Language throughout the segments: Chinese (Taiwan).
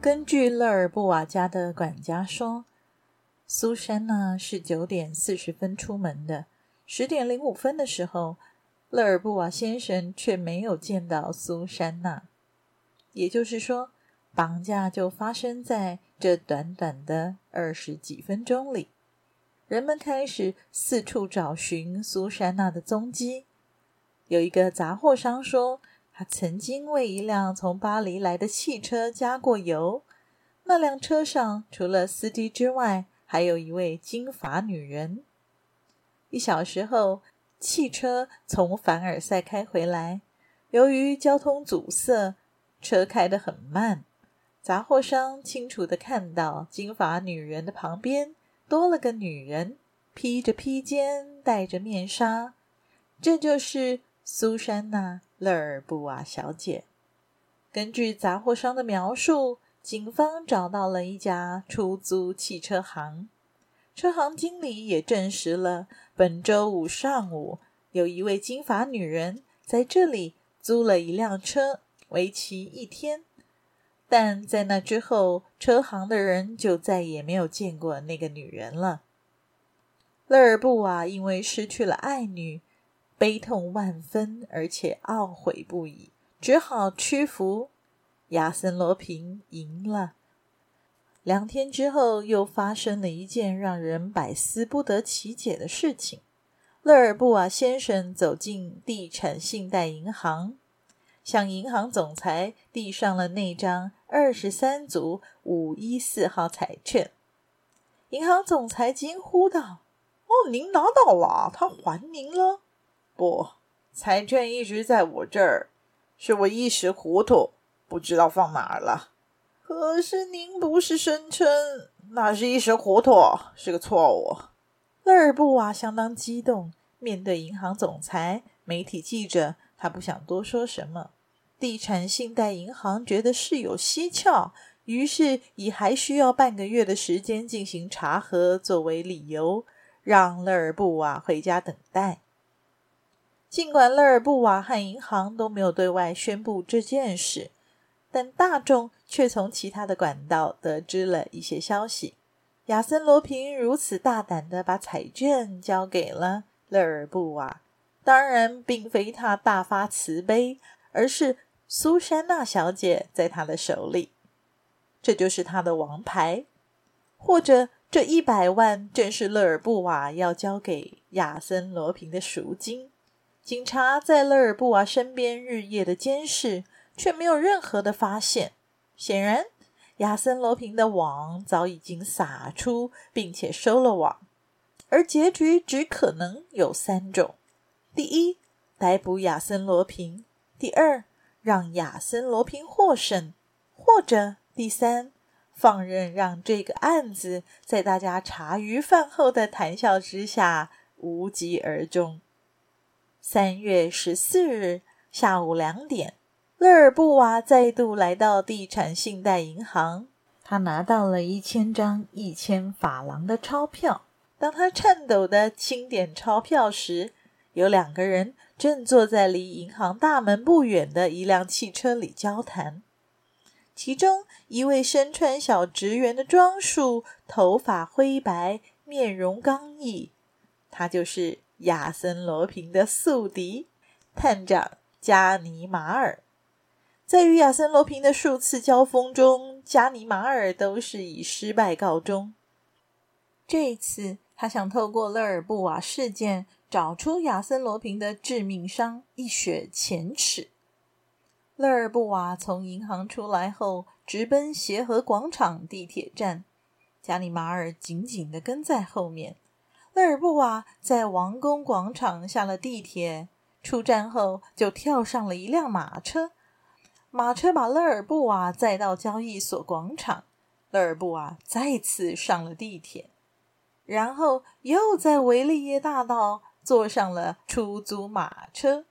根據勒爾布瓦家的管家說，蘇珊娜是九點四十分出門的。十點零五分的時候，勒爾布瓦先生卻沒有見到蘇珊娜，也就是說，綁架就發生在這短短的二十幾分鐘裡。人們開始四處找尋蘇珊娜的蹤跡。有一個雜貨商說，曾經為一輛從巴黎來的汽車加過油，那輛車上除了司機之外，還有一位金髮女人。一小時後，汽車從凡爾賽開回來，由於交通阻塞，車開得很慢。雜貨商清楚的看到，金髮女人的旁邊多了個女人，披着披肩，戴着面紗，這就是蘇珊娜。勒爾布瓦小姐，根據雜貨商的描述，警方找到了一家出租汽車行。車行經理也證實了，本周五上午有一位金髮女人在這裡租了一輛車，為期一天。但在那之後，車行的人就再也沒有見過那個女人了。勒爾布瓦因為失去了愛女。悲痛萬分，而且懊悔不已，只好屈服。亞森·羅平贏了。兩天之後，又發生了一件讓人百思不得其解的事情。勒爾布瓦先生走進地產信貸銀行，向銀行總裁遞上了那張二十三組五一四號彩券。銀行總裁驚呼道：“哦，您拿到了？他還您了？”不，彩券一直在我這兒，是我一時糊塗，不知道放哪兒了。可是您不是聲稱那是一時糊塗，是個錯誤？勒爾布瓦相當激動，面對銀行總裁、媒體記者，他不想多說什麼。地產信貸銀行覺得事有蹊蹺，於是以還需要半個月的時間進行查核作為理由，讓勒爾布瓦回家等待。儘管勒爾布瓦和銀行都沒有對外宣布這件事，但大眾卻從其他的管道得知了一些消息。亞森羅平如此大膽的把彩券交給了勒爾布瓦，當然並非他大發慈悲，而是蘇珊娜小姐在他的手裡，這就是他的王牌，或者這一百萬正是勒爾布瓦要交給亞森羅平的贖金。警察在勒爾布瓦、啊、身邊日夜的監視，卻沒有任何的發現。顯然，亞森羅蘋的網早已經撒出，並且收了網。而結局只可能有三種：第一，逮捕亞森羅蘋；第二，讓亞森羅蘋獲勝；或者第三，放任讓這個案子在大家茶餘飯後的談笑之下無疾而終。三月十四日下午兩點，勒爾布瓦再度來到地產信貸銀行。他拿到了一千張一千法郎的鈔票。當他顫抖的清點鈔票時，有兩個人正坐在離銀行大門不遠的一輛汽車裡交談。其中一位身穿小職員的裝束，頭髮灰白，面容剛毅，他就是。亞森·羅平的宿敵，探長加尼馬爾，在與亞森·羅平的數次交鋒中，加尼馬爾都是以失敗告終。這一次，他想透過勒爾布瓦事件找出亞森·羅平的致命傷，一雪前恥。勒爾布瓦從銀行出來後，直奔協和廣場地鐵站，加尼馬爾緊緊地跟在後面。勒爾布瓦在王宮廣場下了地鐵，出站後就跳上了一輛馬車。馬車把勒爾布瓦載到交易所廣場，勒爾布瓦再次上了地鐵，然後又在維利耶大道坐上了出租馬車。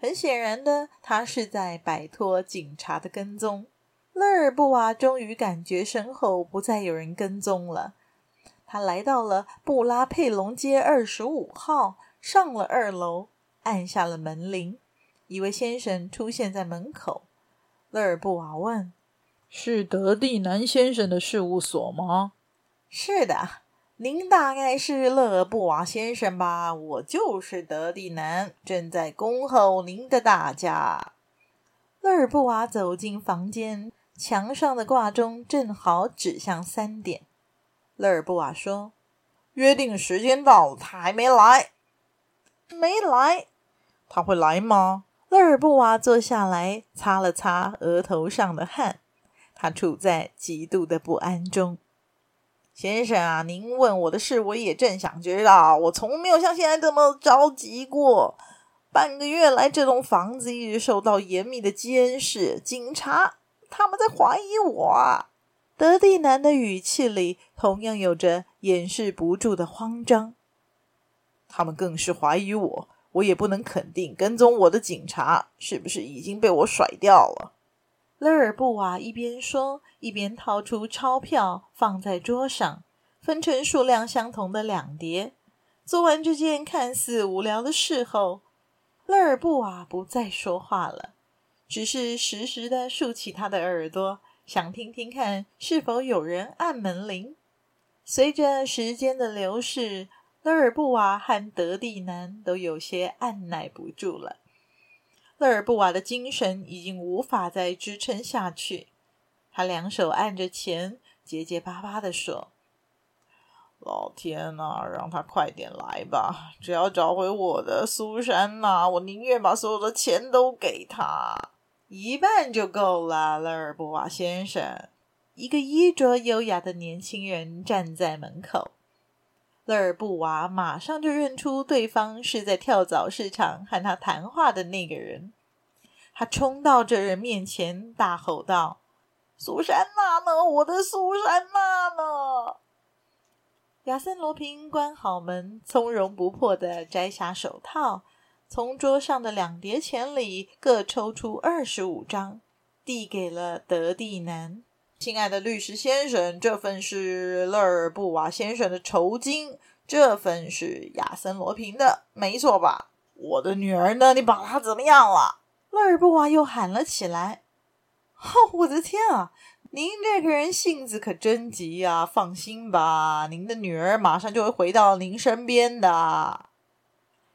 很顯然的，他是在擺脫警察的跟蹤。勒爾布瓦終於感覺身後不再有人跟蹤了。他來到了布拉佩隆街二十五號，上了二樓，按下了門鈴。一位先生出現在門口。勒爾布瓦問：“是德蒂南先生的事務所嗎？”“是的。”“您大概是勒爾布瓦先生吧？”“我就是德蒂南，正在恭候您的大駕。”勒爾布瓦走進房間，牆上的掛鐘正好指向三點。勒爾布瓦說：“約定時間到，他還沒來，沒來。他會來嗎？”勒爾布瓦坐下來，擦了擦額頭上的汗。他處在極度的不安中。先生啊，您問我的事，我也正想知道。我從沒有像現在這麼着急過。半個月來，這棟房子一直受到嚴密的監視，警察，他們在懷疑我。德蒂南的語氣裡同樣有着掩飾不住的慌張。他們更是懷疑我，我也不能肯定跟蹤我的警察是不是已經被我甩掉了。勒爾布瓦一邊說，一邊掏出鈔票放在桌上，分成數量相同的兩疊。做完這件看似無聊的事後，勒爾布瓦不再說話了，只是時時地豎起他的耳朵。想聽聽看，是否有人按門鈴？隨着時間的流逝，勒爾布瓦和德蒂南都有些按捺不住了。勒爾布瓦的精神已經無法再支撐下去，他兩手按着錢，結結巴巴地說：“老天啊，讓他快點來吧！只要找回我的蘇珊娜啊，我寧願把所有的錢都給他。”一半就夠了，勒爾布瓦先生。一個衣着優雅的年輕人站在門口。勒爾布瓦馬上就認出對方是在跳蚤市場和他談話的那個人。他衝到這人面前，大吼道：“蘇珊娜呢？我的蘇珊娜呢？”亞森·羅蘋關好門，從容不迫地摘下手套。從桌上的兩疊錢裡各抽出二十五張，遞給了德蒂南。親愛的律師先生，這份是勒爾布瓦先生的酬金，這份是亞森羅蘋的，沒錯吧？我的女兒呢？你把她怎麼樣了？勒爾布瓦又喊了起來：“哦，我的天啊，您這個人性子可真急啊！放心吧，您的女兒馬上就會回到您身邊的。”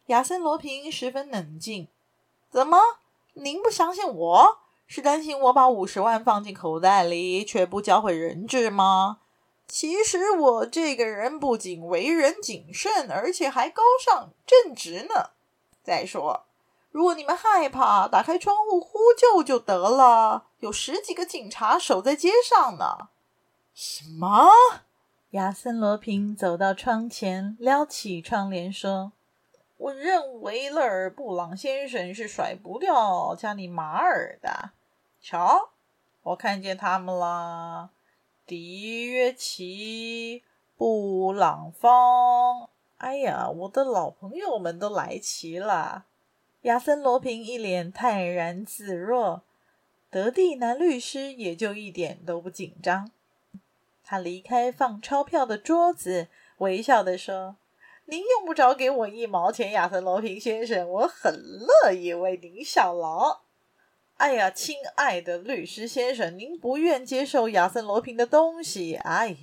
亞森·羅平十分冷靜。怎麼？您不相信我？是擔心我把五十萬放進口袋裡，卻不交回人質嗎？其實我這個人不僅為人謹慎，而且還高尚正直呢。再說，如果你們害怕，打開窗戶呼救就得了。有十幾個警察守在街上呢。什麼？亞森·羅平走到窗前，撩起窗簾說。我認為勒布朗先生是甩不掉加里馬爾的。瞧，我看見他們了，迪約奇、布朗芳。哎呀，我的老朋友們都來齊了。亞森羅平一臉泰然自若，德地男律師也就一點都不緊張。他離開放鈔票的桌子，微笑地說。您用不着給我一毛錢，亞森·羅平先生，我很樂意為您效勞。哎呀，親愛的律師先生，您不願接受亞森·羅平的東西。哎呀，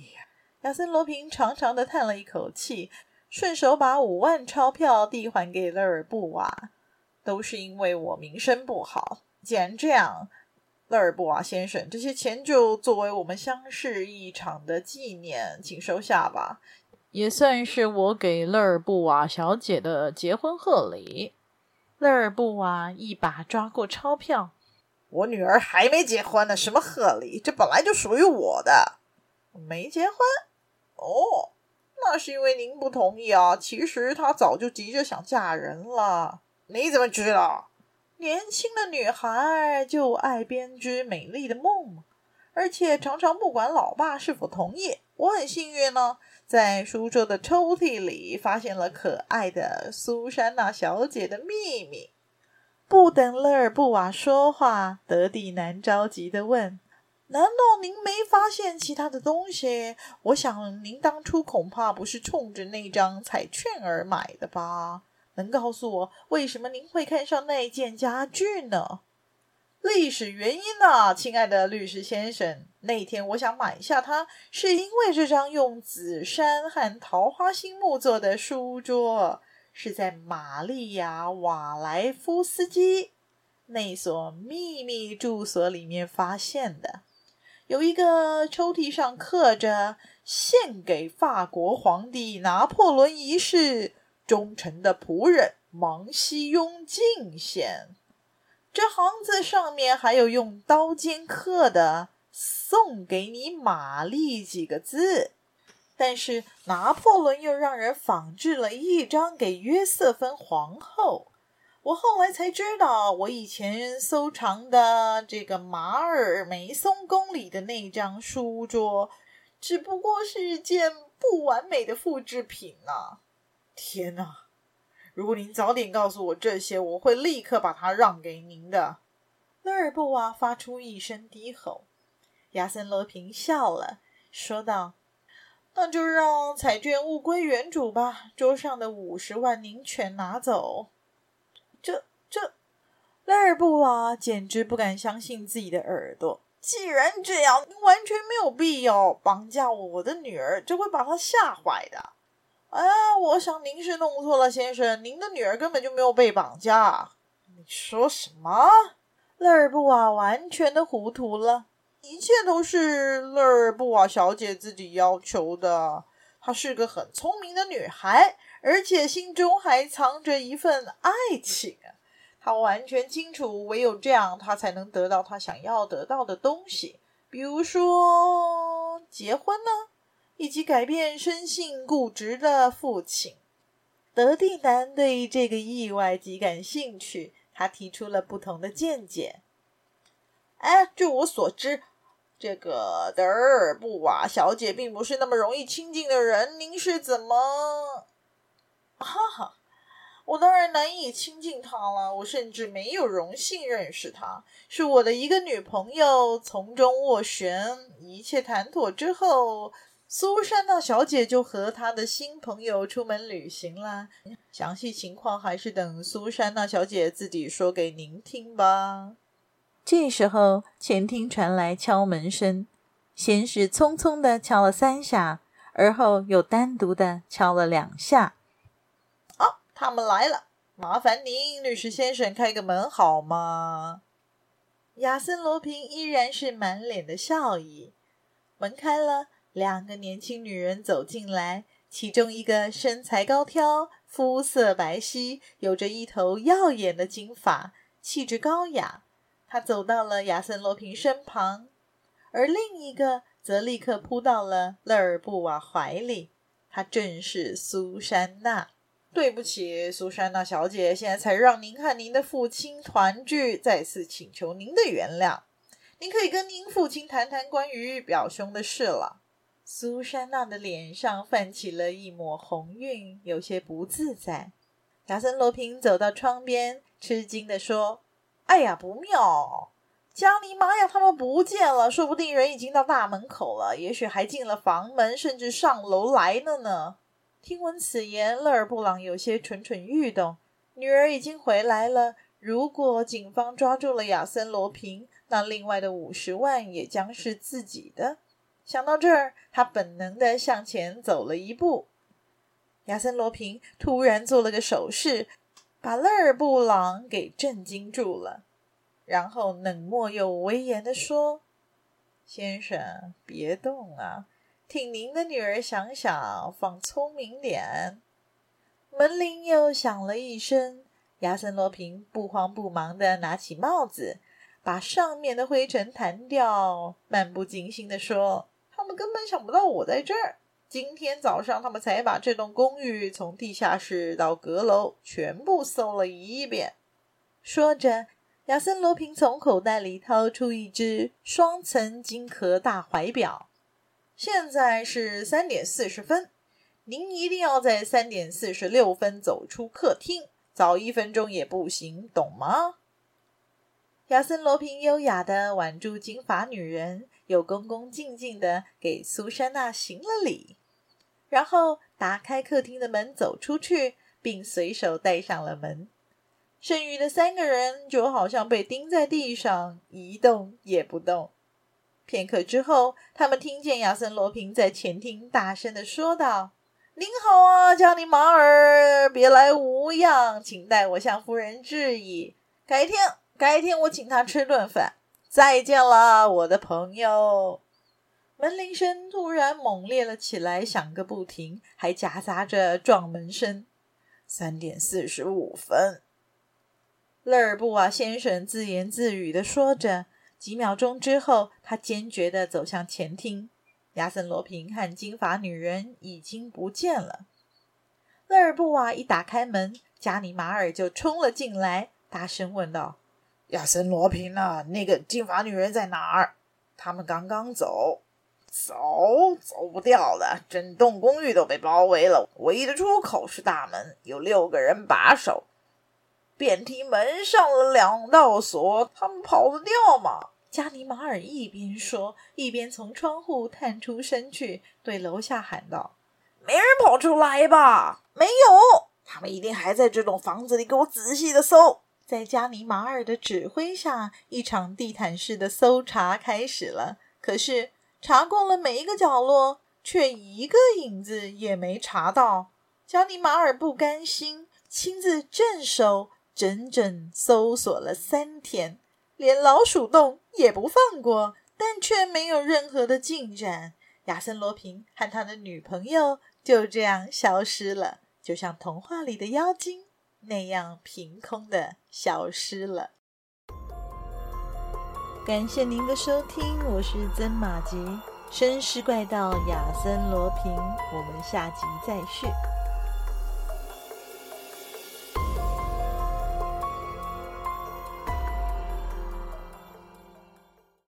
亞森·羅平長長的嘆了一口氣，順手把五萬鈔票遞還給勒爾布瓦。都是因為我名聲不好。既然這樣，勒爾布瓦先生，這些錢就作為我們相識一場的紀念，請收下吧。也算是我給勒爾布瓦小姐的結婚賀禮。勒爾布瓦一把抓過鈔票：“我女兒還沒結婚呢，什麼賀禮？這本來就屬於我的。沒結婚？哦，那是因為您不同意啊。其實她早就急着想嫁人了。你怎麼知道？年輕的女孩就愛編織美麗的夢，而且常常不管老爸是否同意。”我很幸運呢、哦，在書桌的抽屜裡發現了可愛的蘇珊娜小姐的秘密。不等勒爾布瓦說話，德蒂南着急地問：“難道您沒發現其他的東西？我想您當初恐怕不是衝着那張彩券而買的吧？能告訴我，為什麼您會看上那件家具呢？”歷史原因啊，親愛的律師先生。那天我想買下它，是因為這張用紫杉和桃花心木做的書桌，是在瑪麗亞·瓦萊夫斯基那所秘密住所裡面發現的。有一個抽屜上刻着：“獻給法國皇帝拿破侖一世忠誠的僕人芒西雍敬獻。”這行字上面還有用刀尖刻的“送給你，瑪麗”幾個字，但是拿破崙又讓人仿制了一張給約瑟芬皇後。我後來才知道，我以前收藏的這個馬爾梅松宮裡的那張書桌，只不過是一件不完美的複製品了啊。天哪！如果您早點告訴我這些，我會立刻把它讓給您的。”勒爾布瓦發出一聲低吼。亞森·羅蘋笑了，說道：“那就讓彩券物歸原主吧。桌上的五十萬您全拿走。這”這這……勒爾布瓦簡直不敢相信自己的耳朵。既然這樣，完全沒有必要綁架我的女兒，這會把她嚇壞的。啊、哎，我想您是弄錯了，先生。您的女兒根本就沒有被綁架。你說什麼？勒爾布瓦完全的糊塗了。一切都是勒爾布瓦小姐自己要求的。她是個很聰明的女孩，而且心中還藏着一份愛情。她完全清楚，唯有這樣，她才能得到她想要得到的東西，比如說結婚呢？以及改變生性固執的父親，德蒂南對這個意外極感興趣。他提出了不同的見解。哎，據我所知，這個德爾布瓦、啊、小姐並不是那麼容易親近的人。您是怎麼？哈、啊、哈，我當然難以親近她了。我甚至沒有榮幸認識她。是我的一個女朋友從中斡旋，一切談妥之後。蘇珊娜小姐就和她的新朋友出門旅行啦。詳細情況還是等蘇珊娜小姐自己說給您聽吧。這時候，前廳傳來敲門聲，先是匆匆的敲了三下，而後又單獨的敲了兩下。哦，他們來了！麻煩您，律師先生，開個門好嗎？亞森·羅蘋依然是滿臉的笑意。門開了。兩個年輕女人走進來，其中一個身材高挑，膚色白皙，有着一頭耀眼的金髮，氣質高雅。她走到了亞森羅蘋身旁，而另一個則立刻撲到了勒爾布瓦懷裡。她正是蘇珊娜。對不起，蘇珊娜小姐，現在才讓您和您的父親團聚，再次請求您的原諒。您可以跟您父親談談關於表兄的事了。蘇珊娜的臉上泛起了一抹紅暈，有些不自在。亞森羅平走到窗邊，吃驚地說：“哎呀，不妙！加尼瑪呀，他們不見了！說不定人已經到大門口了，也許還進了房門，甚至上樓來了呢。”聽聞此言，勒爾布朗有些蠢蠢欲動。女兒已經回來了，如果警方抓住了亞森羅平，那另外的五十萬也將是自己的。想到這兒，他本能地向前走了一步。亞森·羅平突然做了個手勢，把勒布朗給震驚住了，然後冷漠又威嚴地說：“先生，別動啊，聽您的女兒想想，放聰明點。”門鈴又響了一聲，亞森·羅平不慌不忙地拿起帽子，把上面的灰塵彈掉，漫不經心地說。我根本想不到我在這兒。今天早上，他們才把這棟公寓從地下室到閣樓全部搜了一遍。說着，亞森·羅平從口袋裡掏出一只雙層金殼大懷表。現在是三點四十分，您一定要在三點四十六分走出客廳，早一分鐘也不行，懂嗎？亞森·羅平優雅地挽住金髮女人。又恭恭敬敬的給蘇珊娜行了禮，然後打開客廳的門走出去，並隨手帶上了門。剩餘的三個人就好像被釘在地上，一動也不動。片刻之後，他們聽見亞森·羅平在前廳大聲的說道：“您好啊，加尼瑪爾，別來無恙，請代我向夫人致意。改天，改天我請他吃頓飯。”再見了，我的朋友。門鈴聲突然猛烈了起來，響個不停，還夾雜着撞門聲。三點四十五分，勒爾布瓦先生自言自語的說着。幾秒鐘之後，他堅決地走向前廳。亞森羅平和金髮女人已經不見了。勒爾布瓦一打開門，加尼馬爾就衝了進來，大聲問道。亞森·羅蘋呢、啊？那個金髮女人在哪兒？他們剛剛走，走走不掉的，整棟公寓都被包圍了。唯一的出口是大門，有六個人把守。電梯門上了兩道鎖，他們跑得掉嗎？加尼瑪爾一邊說，一邊從窗戶探出身去，對樓下喊道：“沒人跑出來吧？沒有，他們一定還在這棟房子裡。給我仔細地搜。”在加尼馬爾的指揮下，一場地毯式的搜查開始了。可是查過了每一個角落，卻一個影子也沒查到。加尼馬爾不甘心，親自鎮守，整整搜索了三天，連老鼠洞也不放過，但卻沒有任何的進展。亞森羅平和他的女朋友就這樣消失了，就像童話裡的妖精。那樣憑空的消失了。感謝您的收聽，我是曾馬吉，紳士怪盜亞森羅平，我們下集再續。